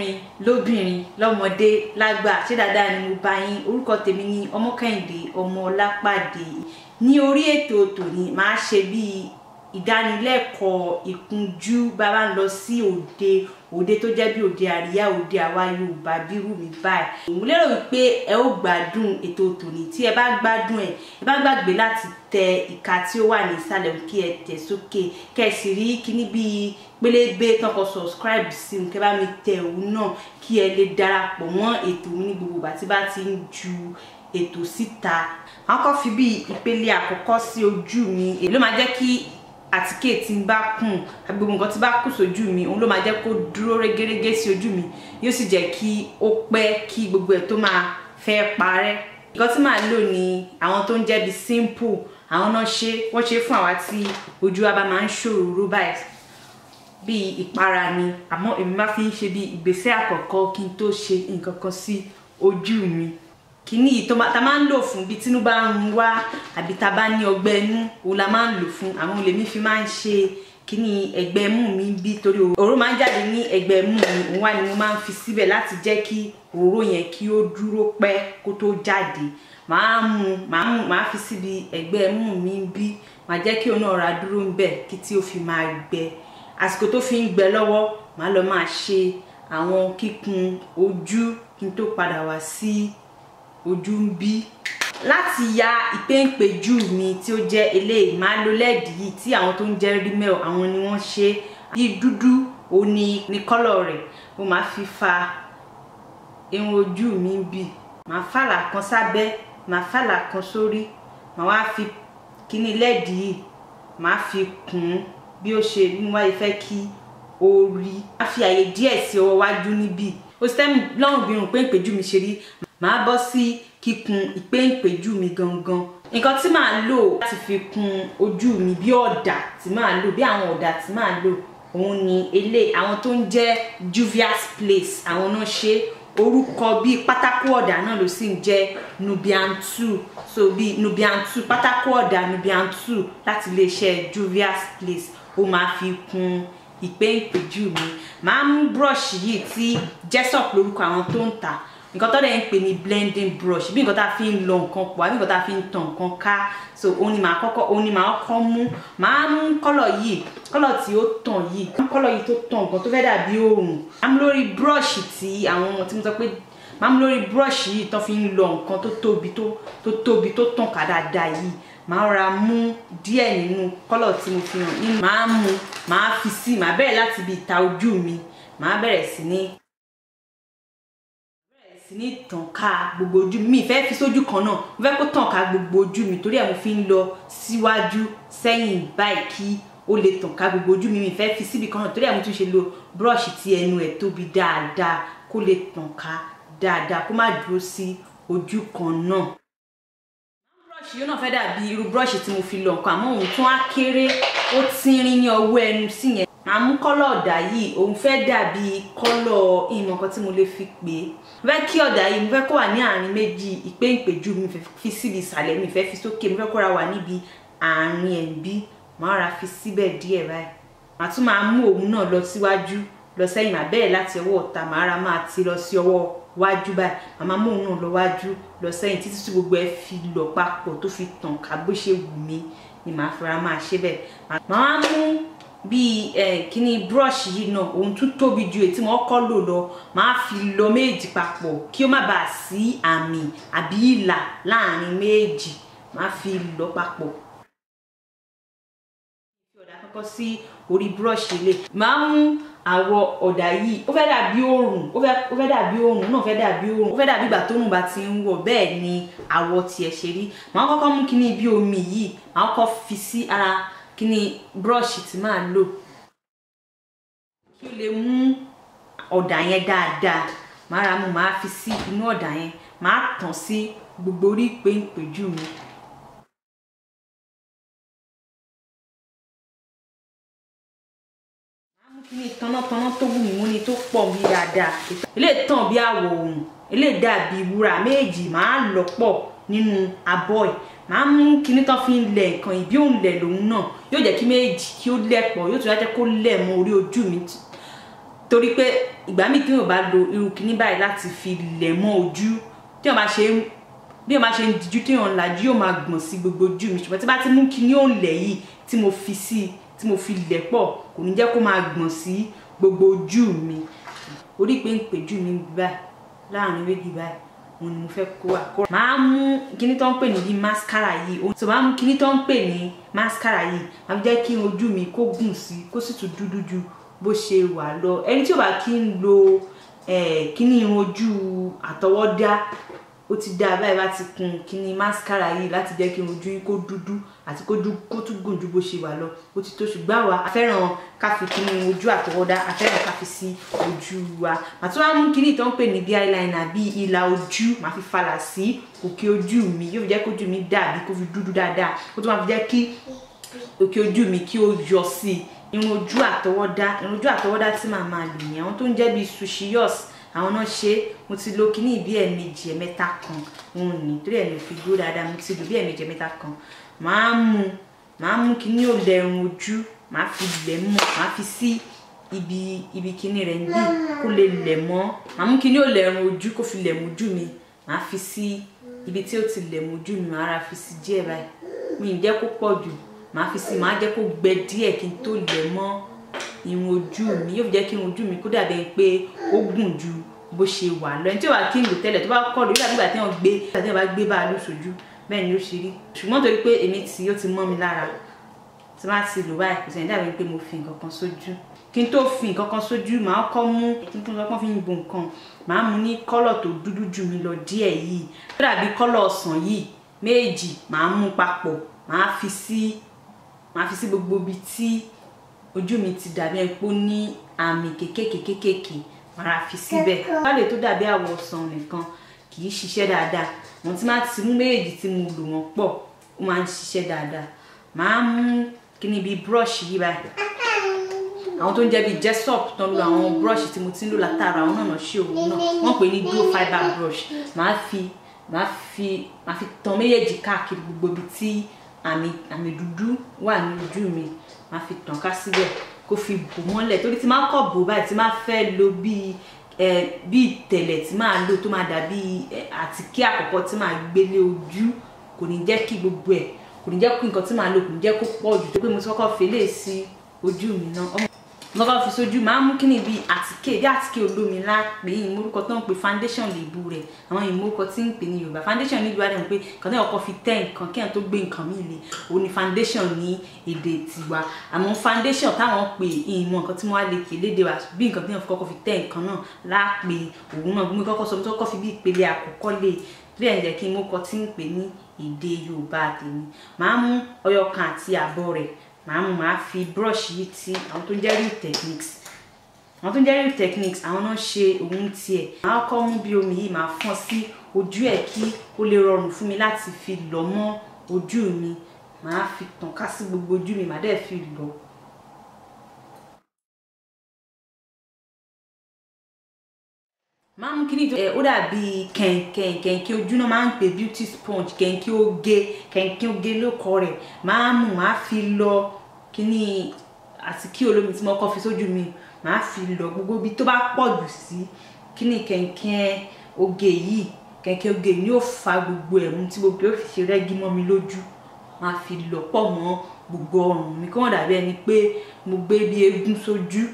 lọ́kùnrin lóbìnrin lọ́mọdé lágbà ṣé dáadáa ni mo bá yín orúkọ tèmi ni ọmọkẹ́hìndé ọmọ ọlápàdé ní orí ètò tòní màá ṣe bíi ìdánilẹ́kọ̀ọ́ ìkunjú bàbá ń lọ sí òde òde tó jẹ́ bí òde àríyá òde àwa Yorùbá bírù mi báyìí. mo lérò wípé ẹ ó gbádùn ètò tòní tí ẹ bá gbádùn ẹ ẹ bá gbàgbé láti tẹ ìka tí ó wà ní ìsàlẹ̀ kí ẹ tẹ̀ sókè kẹ́ ẹ sì rí kíní bíi pélébé tán subscribe sí n kẹ́ bá mi tẹ òun náà kí ẹ lè darapọ̀ mọ́ ètò mi ní gbogbo ìgbà tí bá ti ń ju ètò síta. àwọn kan fi bíi ìpele àkọ́kọ́ sí ojú mi èyí ló máa jẹ́ kí àtíkè tí n bá kùn gbogbo nǹkan tí bá kù sójú mi òun ló máa jẹ́ kó dúró régérégé sí ojú mi yóò sì jẹ́ kí ó pẹ́ kí gbogbo ẹ̀ tó máa fẹ́ parẹ́ nǹkan tí màá lò ní àwọn tó ń jẹ́ bí simple àwọn náà ṣe wọ́n ṣe fún àwa tí ojú wa bá máa ń ṣòro báyìí bíi ìpara ni àmọ́ èmi máa fi ń ṣe bí ìgbésẹ̀ àkọ́kọ́ kí n tó ṣe nǹkan kan sí ojú mi kìíní yìí tá máa ń lò fún bí tínú bá ń wá àbí tá a bá ní ọgbẹ́ inú òun la máa ń lò fún àwọn olè mi fi máa ń ṣe kìíní ẹgbẹ́ mú mi bí torí òróró máa ń jáde ní ẹgbẹ́ mú mi òun wá ni mo máa ń fi síbẹ̀ láti jẹ́ kí òróró yẹn kí ó dúró pẹ́ kó tó jáde màá mú màá mú màá fi síbi ẹgbẹ́ mú mi bí màá jẹ́ kí òun náà ra dúró ń kí tí ó fi máa gbẹ àsìkò tó fi ń gbẹ lọ́wọ́ màá lọ máa ṣe àwọn kíkun ojú kí n tó padà wá sí ojú ń bí láti ya ìpéǹpéjú mi tí ó jẹ́ eléyìí máa lo led yìí tí àwọn tó ń jẹ́ rímel àwọn ni wọ́n ṣe bí dúdú òní ní kọ́lọ̀ rẹ̀ mo máa fi fa irun ojú mi bì màá fàlà kan sábẹ́ màá fàlà kan sórí màá wá fi kíní led yìí màá fi kùn ún bí ó ṣe bí wáyé fẹ́ kí ó rí. a fi àyè díẹ̀ sí ọwọ́ wájú níbí o sì lọ́rùn bí irun pé ìpéjú mi ṣe rí màá bọ́ sí kíkun ìpéǹpéjú mi gangan nǹkan tí màá lò láti fi kun ojú mi bí ọ̀dà tí màá lò bí àwọn ọ̀dà tí màá lò òun ni eléyìí àwọn tó ń jẹ́ Juvia's Place àwọn náà ṣe orúkọ bíi pátákó ọ̀dà náà ló sì ń jẹ́ Nubian 2 so bíi Nubian 2 pátákó ọ̀dà Nubian 2 láti iléeṣẹ́ Juvia's Place ó máa fi kun ìpéǹpéjú mi màá mú brush yìí tí Jesop lórúkọ àwọn tó ń tà á nǹkan tó dẹ̀ ń pè ní blending brush bí nǹkan tá a fi ń lọ nǹkan pọ̀ àbí nǹkan tá fi ń tan nǹkan ká so òun ni màá kọ́kọ́ òun ni màá kọ́ mú màá mú kọ́lọ̀ yìí kọ́lọ̀ tí ó tàn yìí kọ́lọ̀ yìí tó tàn nǹkan tó fẹ́ dàbí òòrùn màá mú lórí brush tí àwọn tí mo sọ pé màá mú lórí brush yìí tó fi ń lọ nǹkan tó tóbi tó tóbi tó tàn ká dáadáa yìí màá ra mú díẹ̀ nínú kọ́lọ̀ tí mo fi hàn nínú màá mú màá fi sí màá bẹ̀rẹ̀ láti ibi ìta ojú mi màá bẹ̀rẹ̀ sí ní sí ní tàn ká gbogbo ojú mi ìfẹ́ fi sójú kan náà mo fẹ́ kó tàn ká gbogbo ojú mi torí ẹ̀ mo fi ń lọ síwájú sẹ́yìn báyìí kí ó lè tàn ká gbogbo ojú mi mi ìfẹ́ fi síbi kan náà torí ẹ̀ mo tún ṣe lo búrọ̀ṣì tí ẹnu ẹ̀ tóbi dáadáa kó lè tàn ká dáadáa kó má dúró sí ojú kan náà búrọ̀ṣì yóò náà fẹ́ dàbí irú búrọ̀ṣì tí mo fi lọ nǹkan àmọ́ òun tún á kéré ó tínrín ní ọwọ́ ẹnu sí àmú kọ́lọ̀ ọ̀dà yìí òun fẹ́ dàbí kọ́lọ̀ ìmọ̀ kan tí mo lè fi pè é mo fẹ́ kí ọ̀dà yìí mo fẹ́ kó wà ní àárín méjì ìpé ìpéjú mi fẹ́ fi síbi ìsàlẹ̀ mi fẹ́ fi sókè mo fẹ́ kóra wà níbi àárín ẹ̀ ń bí màá ra fi síbẹ̀ díẹ̀ báyìí màá tún máa mú òun náà lọ síwájú lọ sẹ́yìn màá bẹ́ẹ̀ láti ọwọ́ ọ̀tá màá ra máa ti lọ sí ọwọ́ wájú báyìí màmá mú òun náà lọ wájú lọ bíi ẹ kíní brush yìí náà òun tún tóbi ju èyí tí wọn kọ lò lọ máa fi lọ méjì papọ̀ kí ó má bàa sí àmì àbí ìlà láàrin méjì máa fi lọ papọ̀. ọ̀dà kọ́kọ́ sí orí brush ilé máa mú àwọ̀ ọ̀dà yìí ó fẹ́ dàbí oòrùn ó fẹ́ dàbí oòrùn náà fẹ́ dàbí oòrùn ó fẹ́ dàbí ìgbà tóòrùn bá ti ń wọ̀ bẹ́ẹ̀ ni àwọ̀ tiẹ̀ ṣe rí máa kọ́kọ́ mú kíní bí omi yìí máa kọ́kọ́ fi sí ara kí ni brush tí màá lò kí o lè mú ọ̀dà yẹn dáadáa màá ra mu màá fi sí inú ọ̀dà yẹn màá tàn sí gbogbo orí péńpéjú mi. kí ni tanátaná tó wù mí mú ni tó pọ̀ bí dáadáa eléyìí tàn bí àwọ̀ òun eléyìí dàbí wúrà méjì màá lọ pọ̀ nínú abọ́ ẹ̀ màá mú kinní tán fi ń lẹ̀ nǹkan ìbí òun lẹ̀ lòun náà yóò jẹ́ kí méjì kí ó lẹ̀ pọ̀ yóò tún wá jẹ́ kó lẹ̀ mọ́ orí ojú mi torí pé ìgbà míì tí mo bá lo irú kinní báyìí láti fi lẹ̀ mọ́ ojú tí mo bá ṣe ń bí o máa ṣe ń dijú tí èèyàn lajú yóò máa gbọ̀n sí gbogbo ojú mi ṣùgbọ́n tí bá ti mú kinní òǹlẹ̀ yìí tí mo fi sí i tí mo fi lẹ̀ pọ̀ kò ní jẹ́ kó máa gbọ̀n sí gbogbo ojú mi orí pé ń pèjú mi báyìí láàrin méjì báyìí òun ni mo fẹ́ kó àkóràn. màá mú kíní tó ń pè ní mascara yìí so màá mú kíní tó ń pè ní mascara yìí màá fi jẹ́ kí ojú mi kó gùn sí kó sì tún dúdú ju bó ṣe wà lọ ẹni tí ò bá kí ń lo eh, kíní irun ojú àtọwọ́dá ó ti dá abáyé bá ti kun kíni máscara yìí láti jẹ́ kí ojú yín kó dúdú àti kójú kó tún gùn ju bó ṣe wà lọ ó ti tó ṣùgbọ́n àwa afẹ́ràn ká fi kíni ojú àtọwọ́dá afẹ́ràn ká fi sí ojú wa màtí wọ́n á mú kíni ìtàn pè ní bí eyeliner bí ìlà ojú màá fi falà sí òkè ojú mi yóò fi jẹ́ kójú mi dàbí kó fi dúdú dáadáa kó tó máa fi jẹ́ kí òkè ojú mi kí ó yọ sí irun ojú àtọwọ́dá irun ojú àtọwọ́dá tí màá máa lò yẹn àwọn tó ń jẹ́ bíi sushi yọ̀sì àwọn náà ṣe mo ti lo kíní ìbí ẹ̀ẹ̀mejì ẹ̀mẹ́ta kan òun ni torí ẹ̀ ló fi gbó dáadáa mo ti lo bí ẹ̀ẹ̀mejì ẹ̀mẹ́ta kan màá mu màá mu kíní òlẹ̀rùn ojú màá fi lẹ̀ mọ́ màá fi sí ibi ibi kíní rẹ̀ níbí kó lè lẹ̀ mọ́ màá mú kíní òlẹ̀rùn ojú kó fi lẹ̀ mojú mi màá fi sí ibi tí ó ti lẹ̀ mojú mi màá ra fi sí díẹ̀ báyìí mi ì jẹ́ kó pọ̀ jù màá fi sí màá jẹ́ kó gbẹ díẹ̀ kí n tó lẹ̀ mọ́ irun ojú mi yóò jẹ́ kí irun ojú mi kó dàbẹ̀ pé ó gùn ju bó ṣe wà lọ ẹni tí ó wà kíngì tẹ́lẹ̀ tó bá kọ́ lórí àgbègbè àti wọn gbé àti wọn bá gbé bá a ló ṣojú bẹ́ẹ̀ ni ó ṣe rí ṣùgbọ́n torí pé èmi tí ó ti mọ́ mi lára tí má ti lò báyìí kò sẹ́yìn dàbí pé mo fi nǹkan kan sójú kí n tó fi nǹkan kan sójú màá kọ́ mú tuntun lọ́pọ́n fi ń bo nǹkan màá mú ní kọ́lọ̀ tó dúdú jù mí lọ díẹ̀ yìí tó dàbí kọ́lọ̀ ọ̀sán yìí méjì màá mú papọ̀ màá fi sí màá fi sí gbogbo ibi tí ojú mi ti dàbí epo ní àmì kékèké kékèké wàrà fi síbẹ̀ pálẹ̀ tó dàbí àwọ̀ ọsàn nìkan kì í ṣiṣẹ́ dáadáa wọn ti máa ti mú méjèèjì tí mo lò wọ́n pọ̀ ó máa ń ṣiṣẹ́ dáadáa màá mú kíní bíi brush yìí báyìí àwọn tó ń jẹ́ bíi jessop tó ń lo àwọn brush tí mo ti ń lò látara àwọn náà ṣe òun náà wọ́n pè ní dual fibre brush màá fi màá fi màá fi tan méjèèjì káàkiri gbogbo ibi tí àmì àmì dúdú wà ní ojú mi màá fi tàn ká síbẹ̀ kó fi bò mọ́lẹ̀ torí tí máa kọ̀ bò báyìí tí máa fẹ́ lo bíi bíi tẹ̀lẹ̀ tí máa lo tó máa dàbí àtíkè àkọ́kọ́ tí máa gbélé ojú kò ní jẹ́ kí gbogbo ẹ̀ kò ní jẹ́ kí nǹkan tí màá lò kò ní jẹ́ kó pọ̀ jù tó pé mo ti kọ́kọ́ fi eléyìí sí ojú mi náà lọ́ bá fi sójú máa ń mú kíni bíi àtíkè bí àtíkè olómi lápè ìmúrúkọ tó ń pe foundation lèbu rẹ̀ àwọn ìmúrúkọ tí ń pè ní yorùbá foundation nílùú adé ń pè kàn náà ọkọ fi tẹ nǹkan kí ẹ̀ tó gbé nǹkan mí le òun ni foundation ní èdè tiwa àmọ́ foundation táwọn pè ìmọ̀ nǹkan tí wọ́n á lè kè léde wa bí nǹkan tí wọ́n fi kọ́kọ́ fi tẹ nǹkan náà lápè òun náà gbọ́n kọ́kọ́ sọ tó kọ́ fi bí ìpele àkọ́kọ́ lè e. bí ẹ̀ jẹ́ kí n tí ń pè ní èdè yorùbá tèmi máa mú ọyọkan àti àbọ̀ rẹ̀ màá mú màá fi brush yìí ti àwọn tó ń jẹ́ real techniques àwọn tó ń jẹ́ real techniques àwọn náà ṣe òun tiẹ̀ màá kọ́ mú bí omi yìí màá fọ́n sí ojú ẹ̀ kí ó lè rọrùn fún mi láti fi lọ mọ́ ojú mi màá fi tàn ká sí gbogbo ojú mi màá dẹ̀ fi lọ máa mú kíní ẹ ó dàbí kẹ̀ǹkẹ̀ǹ kẹ̀ǹkẹ̀ ojú máa ń pè beauty sponge kẹ̀ǹkẹ̀ oge kẹ̀ǹkẹ̀ oge lóko rẹ̀ máa mú máa fi lọ kíní àti kí olómi tí mo kọ́ fi sójú mi máa fi lọ gbogbo ibi tó bá pọ̀ jù sí kíní kẹ̀ǹkẹ̀ oge yìí kẹ̀ǹkẹ̀ oge ni ó fa gbogbo ẹ̀ mú tí gbogbo yóò fi ṣe rẹ́gí mọ́ mi lójú máa fi lọ pọ̀ mọ́ gbogbo ọrùn mi kí wọ́n dàbí ẹni pé mo gbé bí eégún sójú tí wọ́n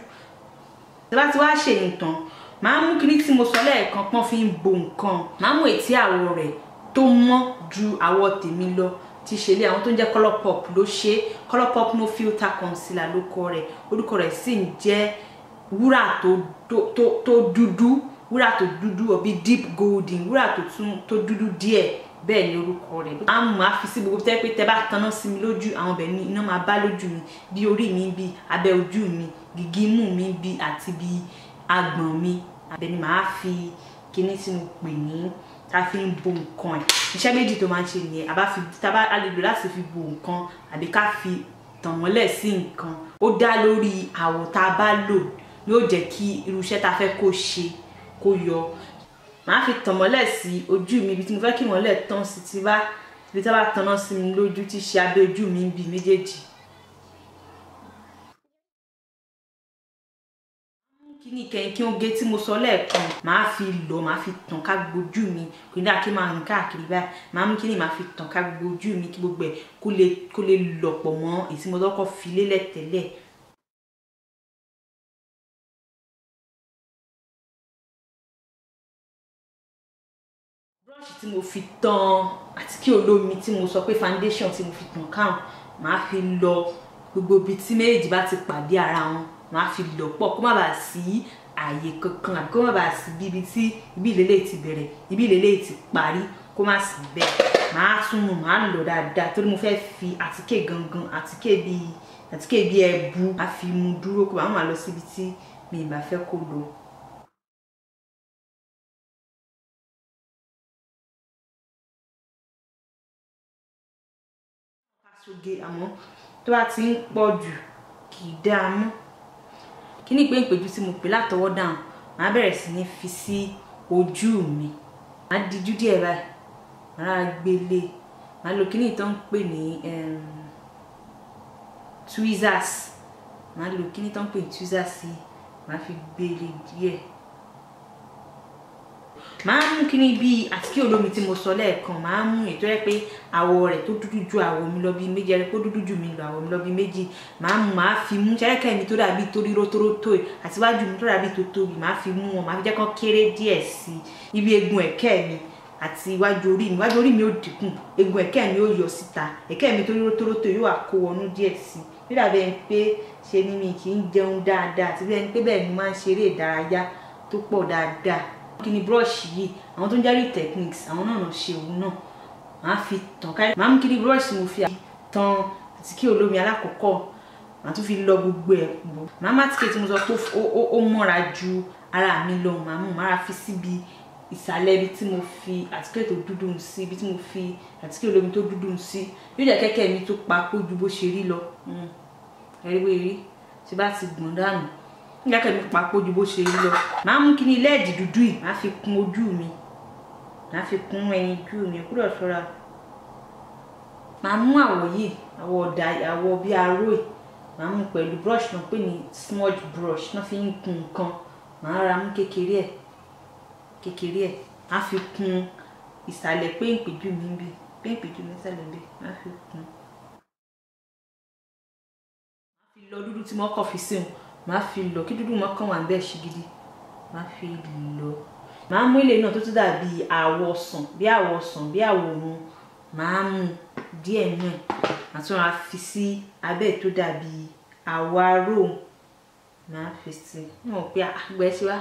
bá ti wá ṣèyí tán màá mú kinní tí mo sọ lẹ́ẹ̀kan pọ́n fi ń bo nǹkan màá ètí àwọ̀ rẹ̀ tó mọ́ ju àwọ̀ tèmi lọ ti ṣe lé àwọn tó ń jẹ́ colour pop ló ṣe colour pop no filter concealer ló kọ rẹ̀ orúkọ rẹ̀ sì ń jẹ́ wúrà tó dúdú wúrà tó dúdú ọ̀bí deep golden wúrà tó dúdú díẹ̀ bẹ́ẹ̀ ni orúkọ rẹ̀ á mú a fi sí gbogbo tẹ́ pé tẹ́ bá taná sí mi lójú àwọn ọbẹ̀ ni iná máa bá lójú mi bí orí mi bí abẹ́ ojú mi gìgímù mi bí àti bí agbọ̀n mi abẹ ni màá fi kinní tí mo pè ní ta fi ń bo nǹkan ẹ̀ iṣẹ́ méjì tó máa ń ṣe nìyẹn àbá fi tábà a lè lò láti fi bo nǹkan àbí ká fi tàn mọ́lẹ̀ sí nǹkan ó dá lórí àwọ̀ tá a bá lò yóò jẹ́ kí irú iṣẹ́ ta fẹ́ kó ṣe kó yọ màá fi tàn mọ́lẹ̀ sí ojú mi ibi tí mo fẹ́ kí mọ́lẹ̀ tán sí ti bá ibi tí wọ́n bá tanná sí mi lójú tí ṣe abẹ́ ojú mi ń bi méjèèjì ní kẹ̀kẹ́ oge tí mo sọ lẹ́ẹ̀kan màá fi lọ màá fi tàn ká gbójú mi kò ní dáa kí máa rìn káàkiri báyìí màá mú kí ni màá fi tàn ká gbójú mi kí gbogbo ẹ̀ kó lè kó lè lọ pọ̀ mọ́ èyí tí mo lọ́kọ̀ fi lélẹ̀ tẹ́lẹ̀. brush tí mo fi tàn àtíkè olómi tí mo sọ pé foundation tí mo fi tàn káwọn màá fi lọ gbogbo ibi tí méjèèjì bá ti pàdé ara wọn ma fi lọ̀ pọ̀ kó má bàa sí ààyè kankan àbí kó má bàa sí bíbi tí ibi ìlélẹ́yìí ti bẹ̀rẹ̀ ibi ìlélẹ́yìí ti parí kó má sí bẹ́ẹ̀ màá tún nu màá lọ̀ dáadáa torí mo fẹ́ fi àtíkè gangan àtíkè bíi àtíkè bíi ẹbu màá fi mu dúró kó má má lọ síbi tí mi ì bá fẹ́ kó lọ. tó bá ti ń pọ̀ jù kì í dáa mọ́ kíní pé ìpèjú tí mo pè látọwọ́ dáhùn màá bẹ̀rẹ̀ sí ní fi sí ojú mi màá dijú díẹ̀ báyìí màá gbélé màá lo kíní tó ń pè ní ehm, tweezers màá lo kíní tó ń pè ní tweezers yìí màá fi gbélé díẹ̀ màá mú kíní bíi àtíkè olómi tí mo sọ lẹ́ẹ̀kan màá mú ètò ẹ pé àwọ̀ rẹ̀ tó dúdú ju àwọ̀ mi lọ bíi méjì ẹni pé dúdú ju mi lọ àwọ̀ mi lọ bíi méjì màá mú màá fi mú ṣẹ́rẹ́kẹ́ mi tó dàbí torí rótórótó ẹ̀ àtiwájú mi tó dàbí tó tóbi màá fi mú wọn màá fi jẹ́ kán kéré díẹ̀ sí ibi eegun ẹ̀kẹ́ mi àti iwájú orí mi iwájú orí mi ó dínkù eegun ẹ̀kẹ́ mi ó yọ síta ẹ̀kẹ́ mi torí rótórótó yóò kó wọnú díẹ̀ sí nígbà bẹ́ẹ̀ pé ṣe ni mi kì í kí ni búrọ́ọ̀ṣì yìí àwọn tó ń járí techniques àwọn náà náà ṣe òun náà màá fi tàn kárí màá mú kí ni búrọ́ọ̀ṣì mo fi tan àtíkè olómi alákọ̀ọ́kọ́ màá tún fi lọ gbogbo ẹ̀ pọ̀ màá má tíkè tí mo sọ pé ó mọ́ra ju ara mi lọ màá mú màá fi síbi ìsàlẹ̀ ibi tí mo fi àtíkè tó dúdú ń sí ibi tí mo fi àtíkè olómi tó dúdú ń sí yóò jẹ́ kẹ́kẹ́ mi tó pa kó ju bó ṣe rí lọ hmm. ẹ̀rí wérí tí bá ti gbọ̀n dànù lẹ́kẹ̀ẹ́ mi papọ̀ ju bó ṣe lọ màá mú kíní lẹ́ẹ̀dì dúdú yìí màá fi kún ojú mi màá fi kún ẹyin ojú mi kúrò sọ́ra màá mú àwọ̀ yìí àwọ̀ ọ̀dà àwọ̀ bíi aró yìí màá mú pẹ̀lú brush náà pè ní smudge brush náà fi ń kún nǹkan màá ra mú kékeré ẹ̀ kékeré ẹ̀ màá fi kún ìsàlẹ̀ péǹpéjú mi bí péǹpéjú mi ìsàlẹ̀ bí màá fi kún. màá fi lọ dúdú tí mo kọ̀ fi sí wọn màá fi lọ kí dúdú mọ́ kàn wá bẹ́ẹ̀ ṣe gidi màá fi lọ màá mú ilé náà tó tún dàbí àwọ̀ ọsàn bí àwọ̀ ọsàn bí àwọ̀ òun màá mú díẹ̀ náà àtún ra fi sí abẹ́ tó dàbí àwọ̀ aró màá fi sí i wọn pe àgbẹ̀ sí wa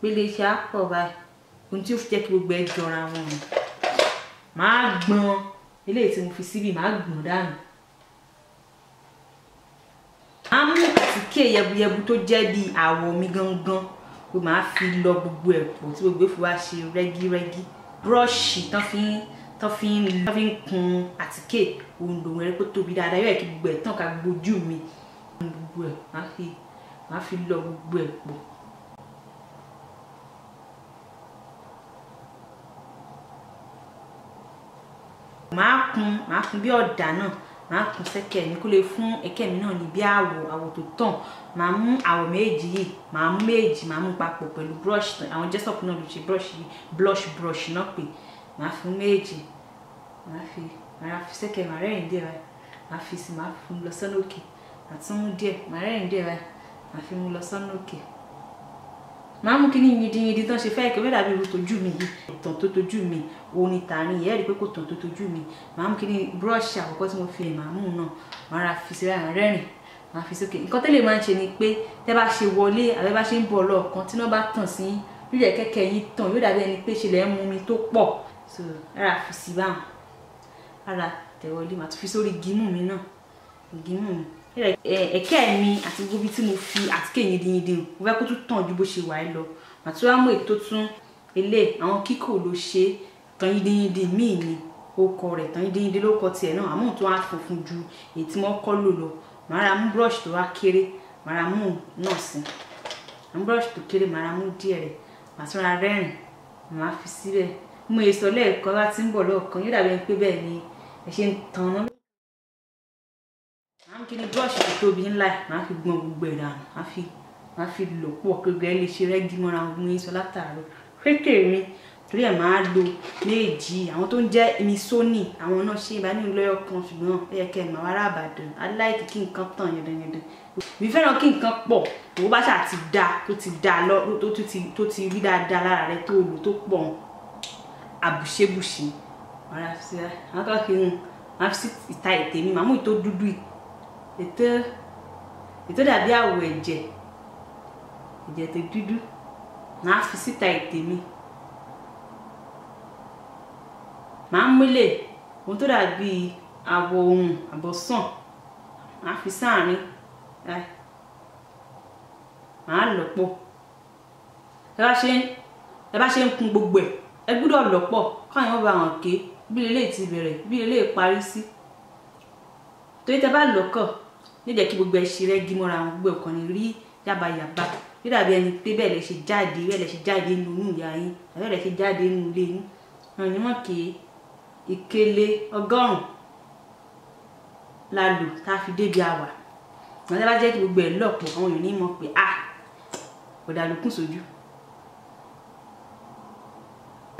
pélé iṣẹ́ á pọ̀ báyìí ohun tí ó fi jẹ́ kí gbogbo ẹ jọra wọn màá gbọn eléyìí tí mo fi síbi màá gbọn dànù àmú àtíkè yẹbuyẹbu tó jẹ́ bí àwọ̀ mi gangan pé màá fi lọ gbogbo ẹ̀ pọ̀ tí gbogbo èèfù wá ṣe rẹ́gírẹ́gí búrọ́ọ̀ṣì tán fi ń tán fi ń tán fi ń kun àtíkè òun lòun ẹ̀rẹ́ pé tóbi dáadáa yóò ẹ̀ kí gbogbo ẹ̀ tàn ká gbójú mi gbogbo ẹ̀ màá fi màá fi lọ gbogbo ẹ̀ pọ̀. màá kun màá kun bí ọ̀dà náà màá kùn sẹ́kẹ̀ mi kó lè fún ẹ̀kẹ́ mi náà ní bí àwọ̀ àwọ̀ tó tàn màá mú àwọ̀ méjì yìí màá mú méjì màá mú papọ̀ pẹ̀lú brush àwọn jẹ́sọ̀pù náà ló ṣe brush yìí blush brush náà pè màá fún méjì màá fi màá fi sẹ́kẹ̀ màá rẹ́rìn díẹ̀ báyìí màá fi sí màá fún lọ sọ́nà òkè màá tún mú díẹ̀ màá rẹ́rìn díẹ̀ báyìí màá fi mú lọ sọ́nà òkè máa mú kí ní yindiyindi tán ṣe fẹ́ ìkẹ́wé dàbí irú tójú mi yìí tàn tó tójú mi orin tààrin yìí ẹ̀rí pé kò tàn tó tójú mi máa mú kí ní búrọ́ọ̀ṣì àkọ́kọ́ tí mo fi ẹ̀ máa mú náà máa ra fi síra rẹ́rìn máa fi sókè nǹkan tẹ́lẹ̀ máa ń ṣe ni pé tẹ́ bá ṣe wọlé àbẹ́ bá ṣe ń bọ̀ lọ́ọ̀kan tí náà bá tàn sí yóò jẹ́ kẹ́kẹ́ yín tàn yóò dàbí ẹni pé ṣe lẹ́ gímù mi náà gímù mi ẹ̀kẹ́ eh, eh, mi àti gbogbo ibi tí mo fi àtíkè yindínyindín mo fẹ́ kó tún tàn ju bó ṣe wà ẹ́ lọ màtí wàá mú ètò tún ilé àwọn kíkò ló ṣe tàn yindínyindín míì ni ó kọ rẹ̀ tàn yindínyindín ló kọ tiẹ̀ náà àmọ́ tó wá funfun ju èyí tí wọ́n kọ́ lò lọ màá ra mú brush tó wá kéré màá ra mú náà sí mú brush tó kéré màá ra mú díẹ̀ rẹ̀ màá tún ra rẹ́rìn màá fi síbẹ̀ mo èso lẹ́ẹ̀kan láti ń bọ̀ lọ́ọ̀kan yóò dàbí pé bẹ́ẹ̀ ni ẹ ṣe ń tan kí ni búrọ̀ṣì tó tóbi ńlá ẹ̀ máa fi gbọn gbogbo ẹ̀ dànù máa fi máa fi lò pọ̀ gbogbo ẹ̀ lè ṣe rẹ́gí mọ́ra ogun yín sọ látàárọ̀ kékeré mi torí ẹ̀ máa lo méjì àwọn tó ń jẹ́ imisoni àwọn náà ṣe ìbá nínú lọ́yọ̀ kan ṣùgbọ́n ó yẹ kẹ́ ẹ̀ máa I rábà dùn aláìkí kí nǹkan tàn yẹ̀dẹ̀yẹ̀dẹ̀ mi fẹ́ràn kí nǹkan pọ̀ òwò bá ṣáà ti da tó ti da lọ tó ti rí dáadáa lára rẹ tó lò tó pọ̀ àbùṣebùṣe àwọn kan kí n máa fi sí ìta ètè mi màmú ìtó dúdú ìt ètò ètò dàbí àwọ̀ ẹ̀jẹ̀ ẹ̀jẹ̀ tó dúdú màá fi síta ètè mi màá múlẹ̀ ohun tó dàbí àwọ̀ ohun àbọ̀sàn màá fi sáàrin màá lọ́pọ̀ ẹ bá ṣe ẹ bá ṣe ń kun gbogbo ẹ̀ ẹ gbúdọ̀ lọ́pọ̀ káwọn yóò bá wọn ké bí lélẹ́yìí ti bẹ̀rẹ̀ bí lélẹ́yìí parí sí torí tẹ bá lọ́kọ̀ nídẹ̀ kí gbogbo ẹ ṣe rẹ́gí mọ́ra àwọn gbogbo ọ̀kan ní rí yábàyàbà dídàbí ẹni pé bẹ́ẹ̀ lẹ ṣe jáde bẹ́ẹ̀ lẹ ṣe jáde nínú inú ìyá yín bẹ́ẹ̀ lẹ ṣe jáde nínú ilé yín ràn yín mọ̀ kí ìkele ọgọ́rùn-ún la lò tá a fi débi àwà àwọn tábà jẹ́ kí gbogbo ẹ̀ lọ́pọ̀ àwọn èèyàn ní mọ̀ pé a ah, ọ̀dà ló kún sójú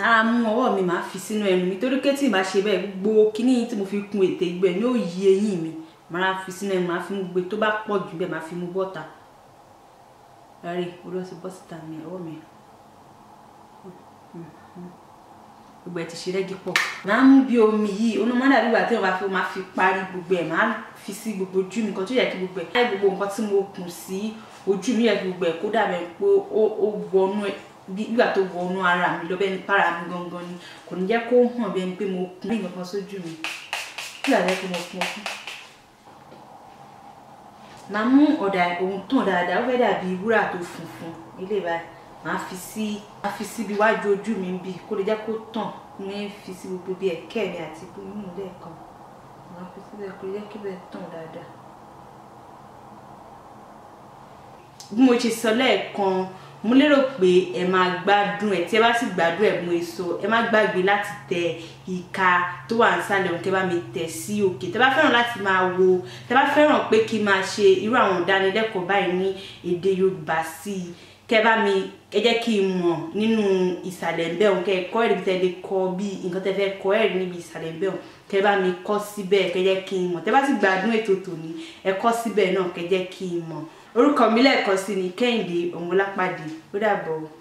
ara mú ọwọ́ mi máa fi sínú ẹnu mi torí kétì máa ṣe bẹ́ẹ̀ gbogbo kíní tí mo fi kun ètè ìgbẹ́ ni ó eyín mi màá fi sínú ẹ̀ màá fi mú gbé tó bá pọ̀ jù bẹ́ẹ̀ màá fi mú bọ́ta rárí orí ọtí bọ́ síta mi ọwọ́ mi gbogbo ẹ̀ ti ṣe rẹ́gí pọ̀ màá mú bí omi yìí onú máa dàbí ìgbà tí wọ́n bá fi máa fi parí gbogbo ẹ̀ màá fi sí gbogbo ojú mi kan tó yẹ kí gbogbo ẹ̀ láì gbogbo nǹkan tí mo kùn sí ojú mi yẹ kí gbogbo ẹ̀ kó dàbẹ̀ pé ó wọnú ẹ̀ nígbà tó wọnú ara mi lọ bẹ́ẹ̀ ni para mi gangan ni kò ní jẹ́ kó hàn bẹ́ẹ̀ ni pé mo kún ní nǹkan sójú mi nígbà tó yẹ kí mo kún ọkún máa mú ọ̀dà ohun tàn dáadáa ó fẹ́ dàbí wúrà tó funfun ilé báyìí máa fi sí máa fi síbi iwájú ojú mi bí kó lè jẹ́ kó tàn ní fi sí gbogbo bí ẹ̀kẹ́ mi àti gbogbo mímú lẹ́ẹ̀kan máa fi síbẹ̀ kó lè jẹ́ kí bẹ́ẹ̀ tàn dáadáa. bí mo ṣe sọ lẹ́ẹ̀kan mo lérò pé ẹ máa gbádùn ẹ tí ẹ bá sì gbádùn ẹ̀bùn èso ẹ má gbàgbé láti tẹ ìka tó wà nísàlẹ̀ òun kẹ bá mi tẹ̀ sí òkè tẹ bá fẹ́ràn láti máa wo tẹ bá fẹ́ràn pé kí n máa ṣe irú àwọn ìdánilẹ́kọ̀ọ́ báyìí ní èdè Yorùbá sí i kẹ bá mi ẹ jẹ́ kí n mọ̀ nínú ìsàlẹ̀ ńbẹ̀ òun kẹ kọ́ ẹ̀rí tẹ lè kọ bí nǹkan tẹ fẹ́ kọ ẹ̀rí níbi ìsàlẹ̀ ńbẹ̀ òun kẹ bá mi kọ síbẹ̀ kẹ jẹ́ kí n mọ̀ tẹ bá sì gbádùn ètò tòní ẹ kọ síbẹ̀ náà kẹ jẹ́ kí n mọ̀ orúkọ mi lẹ́ẹ̀kan sí ni Kẹ́hìndé Ọmọlápàdé ó dàbọ̀.